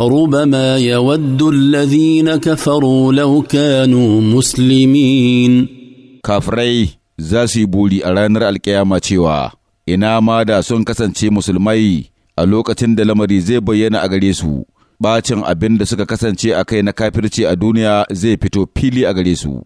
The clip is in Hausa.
ربما يود الذين كفروا لو كانوا مسلمين كافري زاسي بولي أرانر القيامة cewa ina ma da sun kasance musulmai a lokacin da lamari zai bayyana a gare su bacin abin da suka kasance a kai na kafirci a duniya zai fito fili a gare su